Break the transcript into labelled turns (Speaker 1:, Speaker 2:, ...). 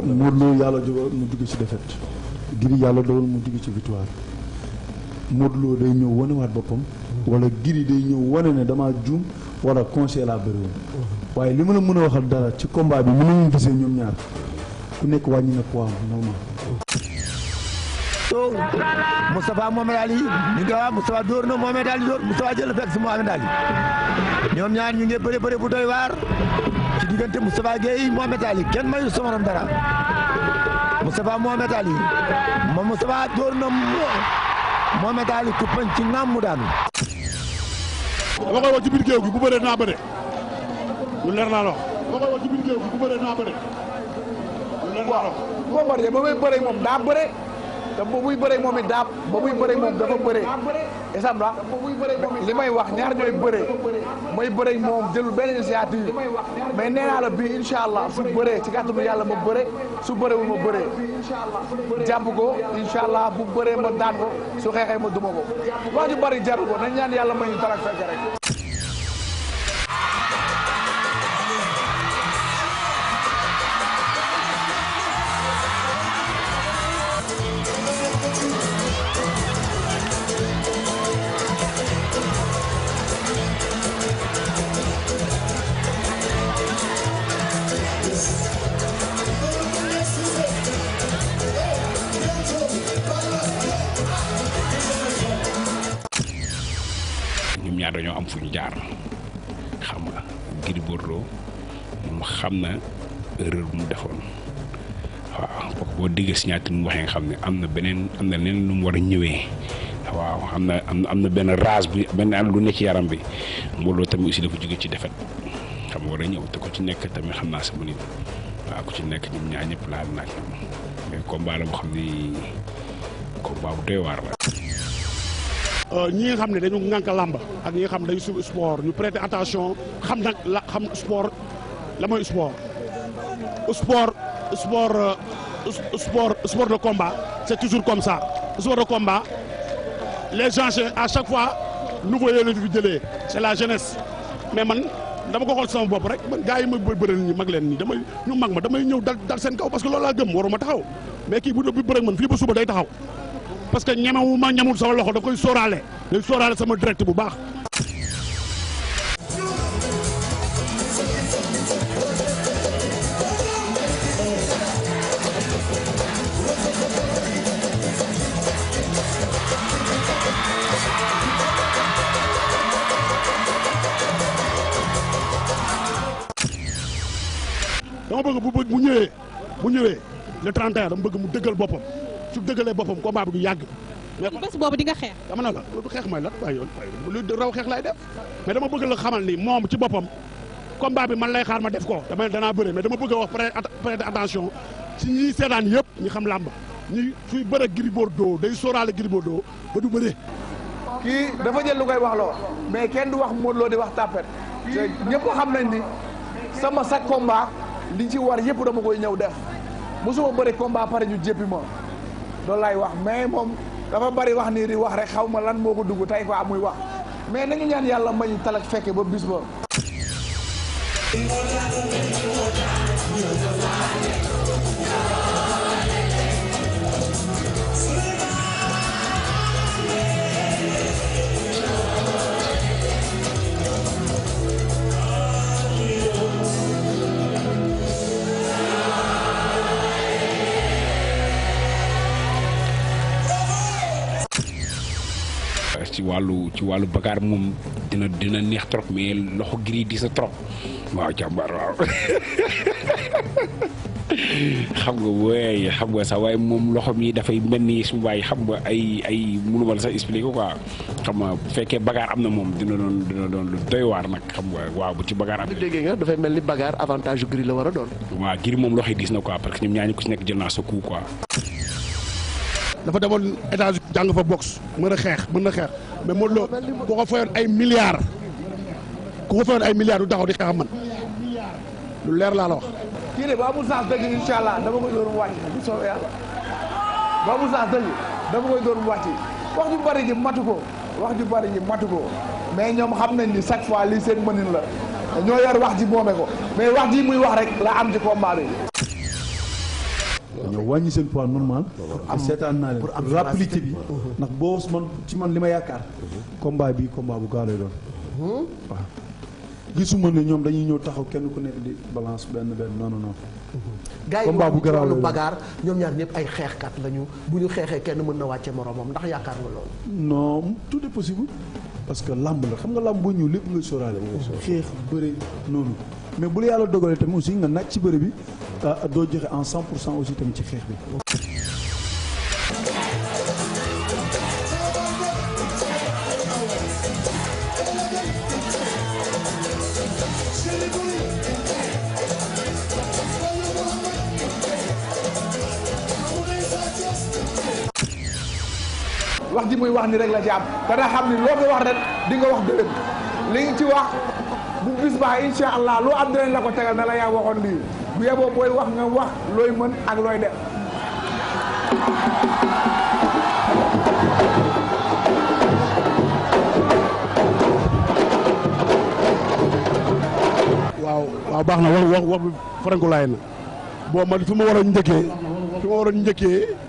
Speaker 1: Modou Lo yàlla dogal mu dugg ci défaite Gris yàlla dogal mu dugg ci victoire Modou Lo day ñëw wanewaat boppam wala Gris day ñëw wane ne damaa juum wala conseil laa bëriwoon waaye li ma la mën a waxal dara ci combat bi mën nañu gisee ñoom ñaar ku nekk wàññi na poids normal to
Speaker 2: Moustapha Mohamed Ali ñu ngi waa Moustapha dóor na Mohamed Ali dóor Moustapha jël fekk si Mohamed Ali ñoom ñaar ñu ngi bëre bëre bu doy waar ci diggante Moustapha Gueye Mohamed Ali kenn mayu sa dara Moustapha Mohamed Ali moom Moustapha dóor na Mohamed Ali ku pañ ci daanu. te bu muy bëree moom it daab ba muy bëree moom dafa bëree isam li may wax ñaar ñooy bëree mooy bëree moom jëlul benn initiative mais nee naa la bii incha allah su bëree ci kàttanu yàlla ma bëree su bëreewul ma bëree jàpp ko incha allah bu bëree ma daan ko su xeexee ma duma ko wax ju bari jaru ko nañ ñaan yàlla may ñu tarak fekk
Speaker 3: am fuñ jaar xam nga Gris Bordeaux moom xam na erreur bu mu defoon waaw kooku boo déggee si ñaati mu waxee nga xam ne am na beneen am na leen lu mu war a ñëwee waaw am na am na benn rage bu benn am lu nekk ci yaram bi mbooloo tamit aussi dafa jóge ci defet xam war a ñëw te ku ci nekk tamit xam naa sama nit waaw ku ci nekk ñoom ñaar ñëpp laal naa ci mais combat la boo xam ni combat bu doy waar la. Euh, ñi nga xam ne dañu ŋànk làmb ak ñi xam ne dañu su
Speaker 4: sport ñu prêter attention xam nag la xam sport la mooy sport sport sport euh, sport de combat c'est toujours comme ça sport de combat les à chaque fois nouveau yooyu lañu fi jëlee c'est la jeunesse mais man dama ko xool sama bopp rek man gars yi ma bëri ñi mag leen ñi damay ñu mag ma damay ñëw dal dal seen kaw parce que loolu laa gëm waruma taxaw mais kii bu dee bi bëri man fii ba suba day taxaw. parce que ñemewu ma ñamul sama loxo da koy sóoraale day sóoraale sama direct bu baax. dama bëgg bu bu ñëwee bu ñëwee le 31 dama bëgg mu dëggal boppam. su dëggalee boppam combat bi gu yàgg. mais kon bés boobu di nga xeex. dama ne la lu xeex may lan raw xeex lay def mais dama bëgg la xamal ni moom ci boppam combat bi man lay xaar ma def ko dama danaa bëre mais dama bëgg a wax prêter attention ci ñiy seetaan yëpp ñu xam làmb ñi suy bëre Gris Bordeaux
Speaker 2: day sóoraale Gris Bordeaux ba du bëre. kii dafa jël lu koy wax loo mais kenn du wax Modou loo di wax tàppet te ñëpp xam nañ ni sama sac combat li ci war yëpp dama koy ñëw def mosuma bëri combat pare ñu jéppi ma. loolu laay wax mais moom dafa bari wax nii di wax rek xaw ma lan moo ko dugg tey quoi muy wax mais nañu ñaan yàlla mañu talak fekke ba bis ba
Speaker 3: ci wàllu ci wàllu bagaar moom dina dina neex trop mais loxo giri di sa trop waaw jàmbaar waaw xam nga waaye xam nga sax waaye moom loxo mi dafay mel ni su bàyyi xam nga ay ay mënumal sax expliqué quoi xam nga bu fekkee bagaar am na moom dina doon dina doon lu doy waar nag xam nga waaw bu ci bagaar am. déggee nga dafay ni bagaar avantage yu la war a doon. waaw giri moom loxo yi diis na quoi parce que ñoom ñaañu ko ci nekk jël naa sa coup quoi. dafa demoon
Speaker 4: états jàng fa boxe mën a xeex mën na xeex mais Modou Lo ku ko fayoon ay milliards ku ko fayoon ay milliards du taxaw di xeex ak man lu leer laa la wax.
Speaker 2: kii de ba amul saas dëgg incha allah dama koy doon wàcc bu soobee yàlla ba amul saas dëgg dama koy doon wax ju ji matu ko wax ju bari ji matu ko mais ñoom xam nañ ni chaque fois lii seen mënin la ñoo yor wax ji moome ko mais wax ji muy wax rek laa am ci combat bi.
Speaker 1: ñoo wàññi seen poids normal. am seetaan naa leen pour rapidité bi. ndax boo man ci man li ma yaakaar. combat bi combat bu gaaw lay doon. waaw gisuma ne ñoom dañuy ñëw taxaw kenn ku nekk di balance benn benn non non non. gaay combat bu garaaw la bagaar
Speaker 2: ñoom ñaar ñëpp ay xeexkat lañu bu ñu xeexee kenn mën na wàcce moromam ndax yaakaar nga loolu.
Speaker 1: non tout est possible. parce que làmb la xam nga làmb boo ñëw lépp ngay sóoraale. xeex bëre noonu. mais bu la yàlla dogalee tamit aussi nga naaj ci bëre bi. Euh, doo joxe en 100 aussi tamit ci xeex bi.
Speaker 2: wax ji muy wax ni rek la ci am te daa xam ni loo fi wax rek di nga wax dëgg li nga ci wax bu bis baax incha allah loo am dinañ la ko na la yaa waxoon lii. bu yeboo booy wax nga wax looy mën ak looy def
Speaker 4: waaw waaw baax na wax wax wax na bon man fi ma waroon njëkkee fi ma waroon njëkkee